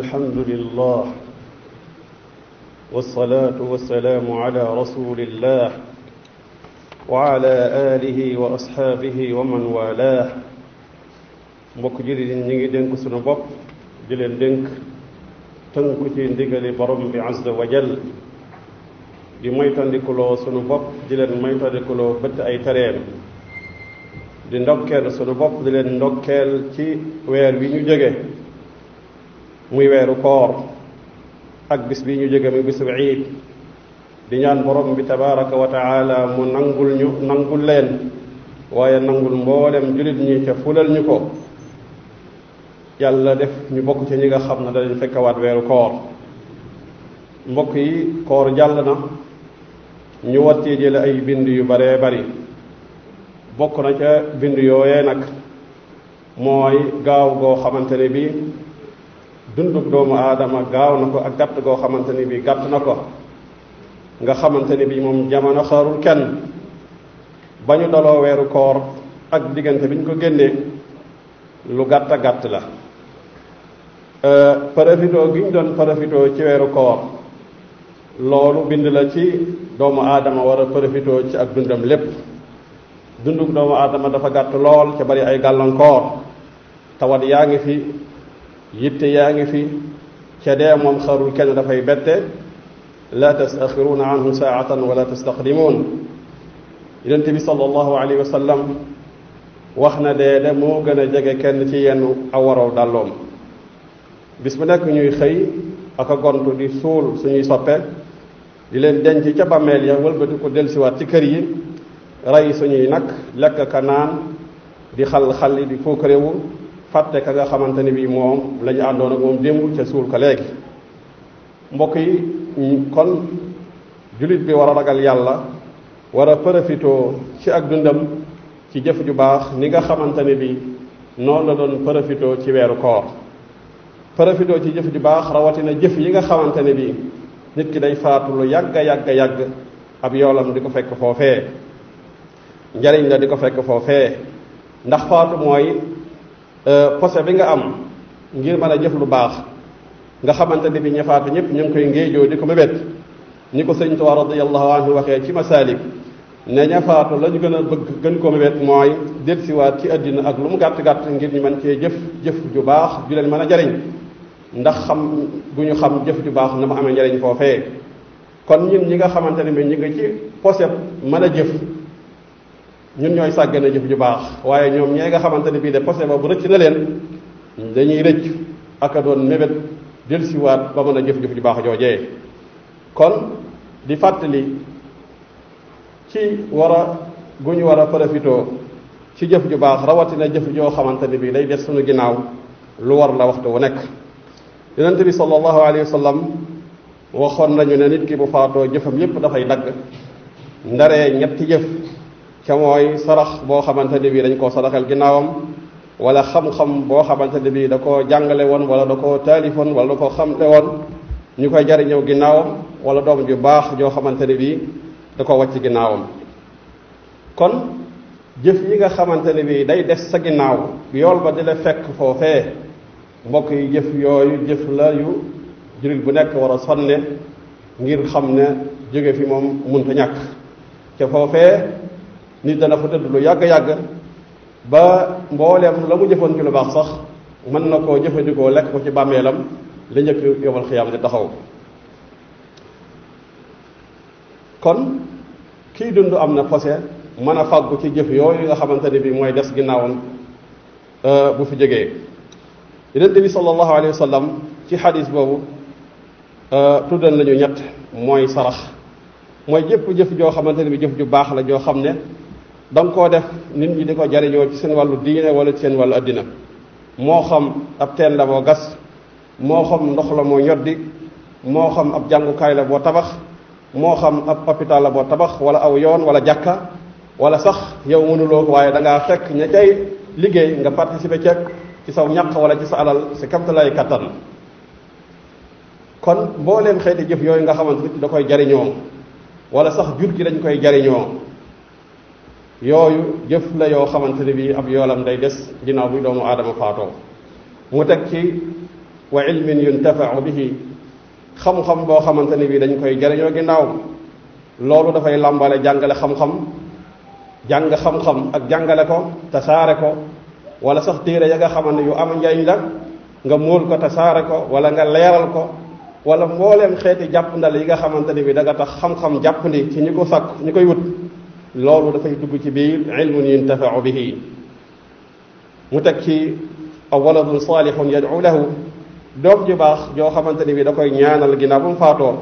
الحمد لله والصلاة والسلام على رسول الله وعلى آله وأصحابه ومن والاه mbokk jullit yi ñu ngi dénk sunu bopp di leen dénk tënku ci ndigali borom bi azza wa jal di moytandikuloo sunu bopp di leen moytandikuloo bëtt ay tereem di ndokkeel sunu bopp di leen ndokkeel ci weer wi ñu jóge muy weeru koor ak bis bi ñu jóge muy bisu di ñaan borom bi tabaraka wa mu nangul ñu nangul leen waaye nangul mboolem julit ñi ca fulal ñu ko yàlla def ñu bokk ca ñi nga xam ne danañ fekkawaat weeru koor mbokk yi koor jàll na ñu wattee jële ay bind yu baree bari bokk na ca bind yooyee nag mooy gaaw goo xamante bi dundug doomu aadama gaaw na ko ak gàtt goo xamante ni bii gàtt na ko nga xamante ni bii moom jamono xaarul kenn ba ñu daloo weeru koor ak diggante bi ñu ko génnee lu gàtt gàtt la euh, profitoo gi ñu doon profitoo ci weeru koor loolu bind la ci doomu aadama war a profitoo ci ak dundam lépp dundug doomu aadama dafa gàtt lool ca bari ay gàllankoor tawat yaa ngi fi yitte yaa ngi fi ce dee moom xarul kenn dafay bette la tastaxiruuna anhu saatan wala tastaqdimuun yonente bi sallallahu alayhi wa sallam wax na dee de moo gën a jege kenn ci yenn awaraw dàlloom bis bu nekk ñuy xëy ak a gontu di suul suñuy soppe di leen denc ca bàmmeel ya wëlbati ko dellusiwaat ci kër yi rey suñuy nag lekk ka naan di xal xal di fookarewu fàtte ka nga xamante ni bii moom lañu àndoon ak moom démb ca suul ko léegi mbokk yi kon jullit bi war a ragal yàlla war a profitoo ci ak dundam ci jëf ju baax ni nga xamante ne bii noonu la doon profitoo ci weeru koor profitoo ci jëf ju baax rawatina jëf yi nga xamante ne bii nit ki day faatu lu yàgg yàgg yàgg ab yoolam di ko fekk foofee njariñ la di ko fekk foofee ndax faatu mooy Euh, posé bi nga am ngir mën a jëf lu baax nga xamante ni bi ñafaatu ñëpp ñu ngi koy ngéejoo di ko mébét ni ko sëñ Tuubaa radiyallahu anhu waxee ci masaalik ne ñafaatu lañu gën a bëgg gën ko mébét mooy delsiwaat ci àddina ak lu mu gàtt-gàtt ngir ñu mën cee jëf jëf ju baax ju leen mën a jariñ ndax xam gu ñu xam jëf ju baax na mu amee njariñ foofee kon ñun ñi nga xamante ne bi ñu ngi ci pose mën a jëf ñun ñooy sàggane jëf ju baax waaye ñoom ñee nga xamante ne bii de posé ba bu rëcc na leen dañuy rëcc ak a doon mébét dellusiwaat ba mën a jëf-jëf ju baax joojee kon di fàttali ci war a gu ñu war a profitoo ci jëf ju baax rawatina jëf joo xamante ne bii day des suñu ginnaaw lu war la waxtu wu nekk yonent bi sallallahu alayhi wa sallam waxoon nañu ne nit ki bu faatoo jëfam yépp dafay dagg ndaree ñetti jëf ca mooy sarax boo xamante ne bii dañ koo saraxel ginnaawam wala xam-xam boo xamante ne bii da koo jàngale woon wala da koo taalifoon wala da koo xamle woon ñu koy jariñëw ginnaawam wala doom ju baax joo xamante ne bii da ko wàcc ginnaawam kon jëf yi nga xamante ne bii day des sa ginnaaw yool ba di la fekk foofee mbokk yi jëf yooyu jëf la yu jullit bu nekk war a sonne ngir xam ne jóge fi moom munta ñàkk ca foofee nit dana fa tëdd lu yàgg-yàgg ba mbooleem la mu jëfoon ci lu baax sax mën na koo jëfandikoo lekk ko ci bàmmeelam li njëkk yomal xiyaam di taxaw kon kii dund am na posé mën a fàggu ci jëf yooyu nga xamante ni bi mooy des ginnaawam euh, bu fi jógee yonente bi sallallahu alayhi wa sallam ci xadis boobu euh, tuddal nañu ñett mooy sarax mooy jëpp jëf joo xamante ne bi jëf ju baax la joo xam ne da nga koo def nit ñi di ko jariñoo ci seen wàllu diine wala ci seen wàllu àddina moo xam ab teen la boo gas moo xam ndox la moo ñoddi moo xam ab jàngukaay la boo tabax moo xam ab hôpital la boo tabax wala aw yoon wala jàkka wala sax yow mënuloo ko waaye da ngaa fekk ña cay liggéey nga participer ceeg ci saw ñaq wala ci sa alal si kamtalay kattan kon boo leen xeeti jëf yooyu nga xamante nit da koy jariñoo wala sax jur gi dañ koy jariñoo yooyu jëf la yoo xamante ne bii ab yoolam day des ginnaaw bi doomu aadama faatoo mu teg ci wa ilmin yuntafau bi xam-xam boo xamante ne bii dañ koy jariñoo ginnaaw loolu dafay làmbale jàngale xam-xam jàng xam ak jàngale ko tasaare ko walla sax téere ya nga xamante ne yu am njariñ la nga móol ko tasaare ko wala nga leeral ko wala mbooleem xeeti jàpp ndal yi nga xamante ne bii da nga tax xam-xam jàpp ni ci ñi ko sàkk ñu koy wut loolu dafay dugg ci biir ilmun yuntafau bihi mu teg ci aw waladun saalihun yad'u lahu doom ju baax joo xamante ni bii da koy ñaanal ginnaaw ba mu faatoo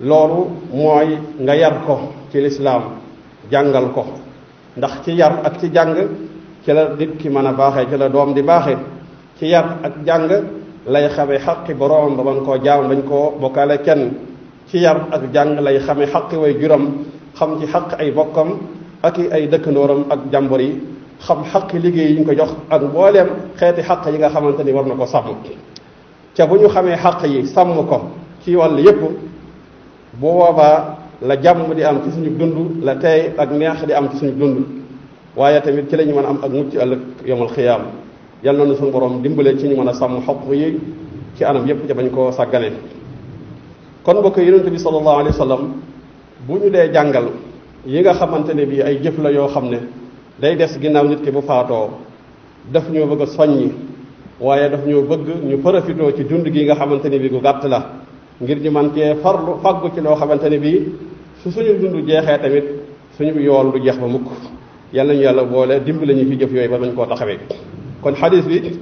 loolu mooy nga yar ko ci lislaam jàngal ko ndax ci yar ak ci jàng ci la nit ki mën a baaxee ci la doom di baaxee ci yar ak jàng lay xame xaqi boroom ba man koo jaam bañ koo bokkaale kenn ci yar ak jàng lay xame xaqi way juram xam ci xaq ay bokkam ak i ay dëkkandooram ak jàmbor yi xam xaq liggéey yi ñu ko jox ak mbooleem xeeti xaq yi nga xamante ni war na ko sàmm ca bu ñu xamee xaq yi sàmm ko ci wàll yépp bu boobaa la jàmm di am ci suñu dund la tey ak neex di am ci suñu dund waaye tamit ci la ñu mën a am ak mucc ëllëg yomal xiyaam yal na nu suñu borom dimbale ci ñu mën a sàmm xoq yi ci anam yépp ca bañ koo sàggane kon mbokk yonent bi sallallahu alayhi wa bu ñu dee jàngal yi nga xamante ne bii ay jëf la yoo xam ne day des ginnaaw nit ki bu faatoo daf ñoo bëgg a soññi waaye daf ñoo bëgg ñu profitoo ci dund gi nga xamante ne bii gu gàtt la ngir ñu man cee farlu faggu ci loo xamante ne bii su suñu dund jeexee tamit suñu yoon lu jeex ba mukk yàlla ñu yàlla boole dimbali ñu ci jëf yooyu ba mañ koo taxawee kon xadis bi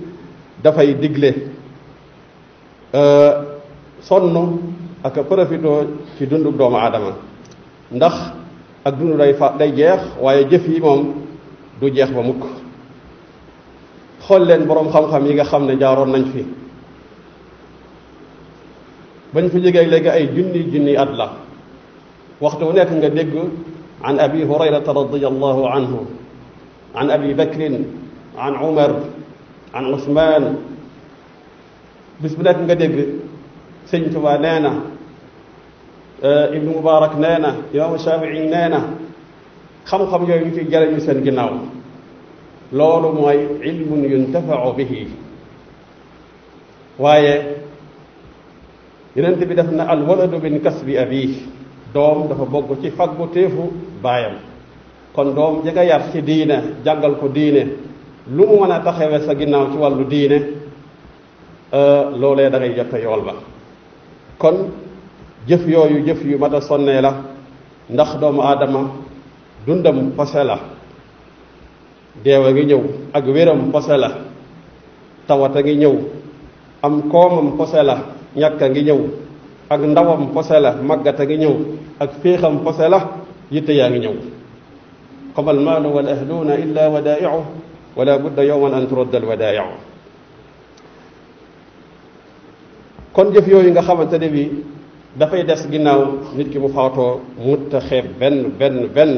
dafay digle euh, sonn ak profitoo ci dundu doomu aadama ndax ak dund day fa day jeex waaye jëf yi moom du jeex ba mukk xool leen boroom xam-xam yi nga xam ne jaaroon nañ fi bañ fi jógee léegi ay junni junni at la waxtu wu nekk nga dégg an abi hurayrata radiallahu anhu an abi bakrin an umar an usman bis bu nekk nga dégg sëñ Tuba nee na Euh, ibnu mubarak nee na imaamu shafii nee na xam-xam yooyu ñu ci jariñu seen ginnaaw loolu mooy ilmun yuntafau bihi waaye yenent bi def na alwaladu min kasbi abi doom dafa bokk ci faggu téefu baayam kon doom ja yar ci diina jàngal ko diine lu mu mën a taxawee sa ginnaaw ci wàllu diine euh, loolee da ngay jot yool ba jëf yooyu jëf yu mat a sonnee la ndax doomu aadama dundam pose la deew a ngi ñëw ak wéram pose la tawat a ngi ñëw am koomam fase la ñàkk a ngi ñëw ak ndawam fase la màggat a ngi ñëw ak féexam fase la yitte yaa ngi ñëw comme al wal ahluuna illa wadaa'iu wala budda yowman an turadda al wadaa'iu kon jëf yooyu nga xamante bi dafay des ginnaaw nit ki bu faatoo mut benn benn benn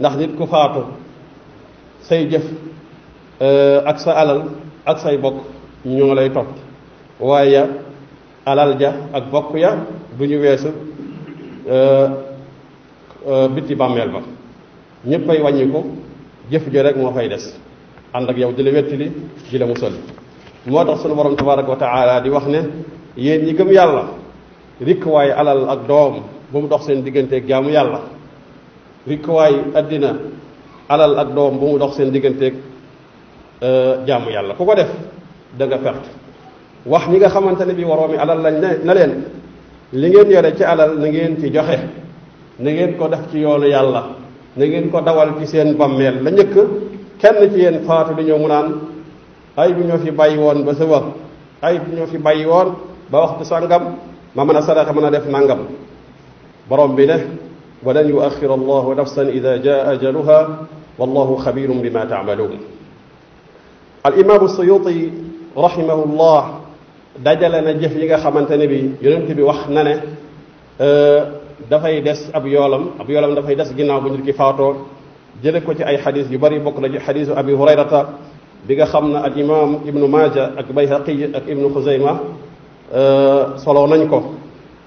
ndax nit ku faatu say jëf euh, ak sa alal ak say bokk ñoo lay topp waaye alal ja ak bokk ya du ñu weesu euh, euh, bitti bàmmeel ba ñëpp ay wàññi ko jëf ji rek moo fay des ànd ak yow di la wettali di la musal moo tax sunu borom tabaraka wa taala di wax ne yéen ñi gëm yàlla rikkuwaay alal ak doom bu dox seen digganteeg jaamu yàlla rikkuwaay addina alal ak doom bu mu dox seen digganteeg euh, jàmm yàlla ku ko def da perte wax ñi nga xamante ne bi waroomi alal lañ ne na leen li ngeen yore ci alal na ngeen ci joxe na ngeen ko def ci yoonu yàlla na ngeen ko dawal ci seen bàmmeel la njëkk kenn ci yéen faatu di ñëw mu naan ay bi ñoo fi bàyyi woon ba sa wax ay bu ñoo fi bàyyi woon ba waxtu sàngam ma mën a saraxe mën a def nangam borom bi ne walan yuaxira allahu nafsan ida jaa ajaluha wallahu xabirum bima taamaluun al imaamu suyuti rahimahullah dajale na jëf yi nga xamante ne bi yonent bi wax na ne e, dafay des ab yoolam ab yoolam dafay des ginnaaw bu nit ki faatoo jële ko ci ay xadis yu bari bokk na ci xadisu abi hurayrata bi nga xam ne al imam ibnu maaja ak bayhaqi ak ibnu xuzayma Euh, solo nañ ko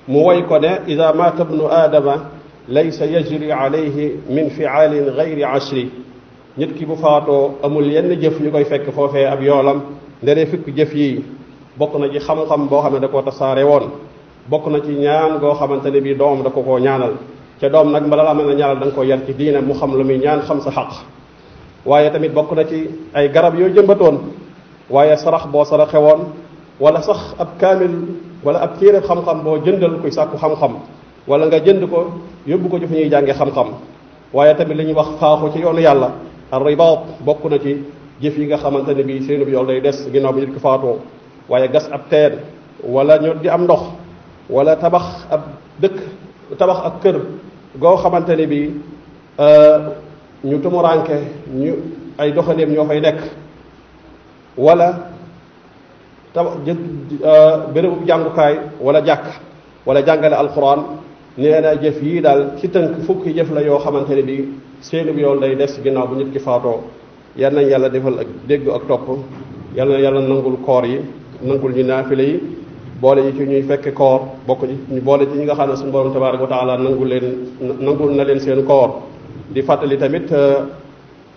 mu woy ko ne ida maata bnu aadama laysa yajri alayhi min fiaalin gayri ashri nit ki bu faatoo amul yenn jëf ñu koy fekk foofee ab yoolam ndere fukk jëf yi bokk na ci xam-xam boo xam ne da koo tasaare woon bokk na ci ñaan goo xamante ne bii doom da ko koo ñaanal ca doom nag bala la mën a ñaanal da nga ko yar ci diine mu xam la muy ñaan xam sa xaq waaye tamit bokk na ci ay garab yoo jëmbatoon waaye sarax boo saraxe woon wala sax ab kaamil wala ab téere xam-xam boo jëndal kuy sàkku xam-xam wala nga jënd ko yóbbu ko ci ñuy jànge xam-xam waaye tamit li ñuy wax faaxu ci yoonu yàlla ar ribaat bokk na ci jëf yi nga xamante ne bii bi yoon day des ginnaaw bi nit ko waaye gas ab teen wala ñoo di am ndox wala tabax ab dëkk tabax ak kër goo xamante ne bii euh, ñu tumuranke ñu ay doxaleem ñoo koy nekk wala tabax euh, bérébub jàngukaay wala jàkk wala jàngale alquran nee na jëf yii daal ci tënk fukki jëf la yoo xamante ne bi seenub yoon day des ginnaaw bi nit ki faatoo yal nañ yàlla defal ak dégg ak topp na yàlla nangul koor yi nangul ñu naafile yi boole yi ci ñuy fekk koor bokk ñu boole ci ñi nga xam ne suñu borom tabaaraka wa taala nangul leen nangul na leen seen koor di fàttali tamit euh,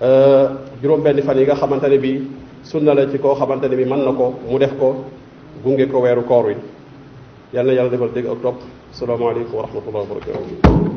euh, juróom benn fan yi nga xamante ne bi sunna la ci ko xamante ne bi man na ko mu def ko gunge ko weeru koor yi yal na yàlla defal dégg ak topp salaamaaleykum wa rahmatullah wa barakatuh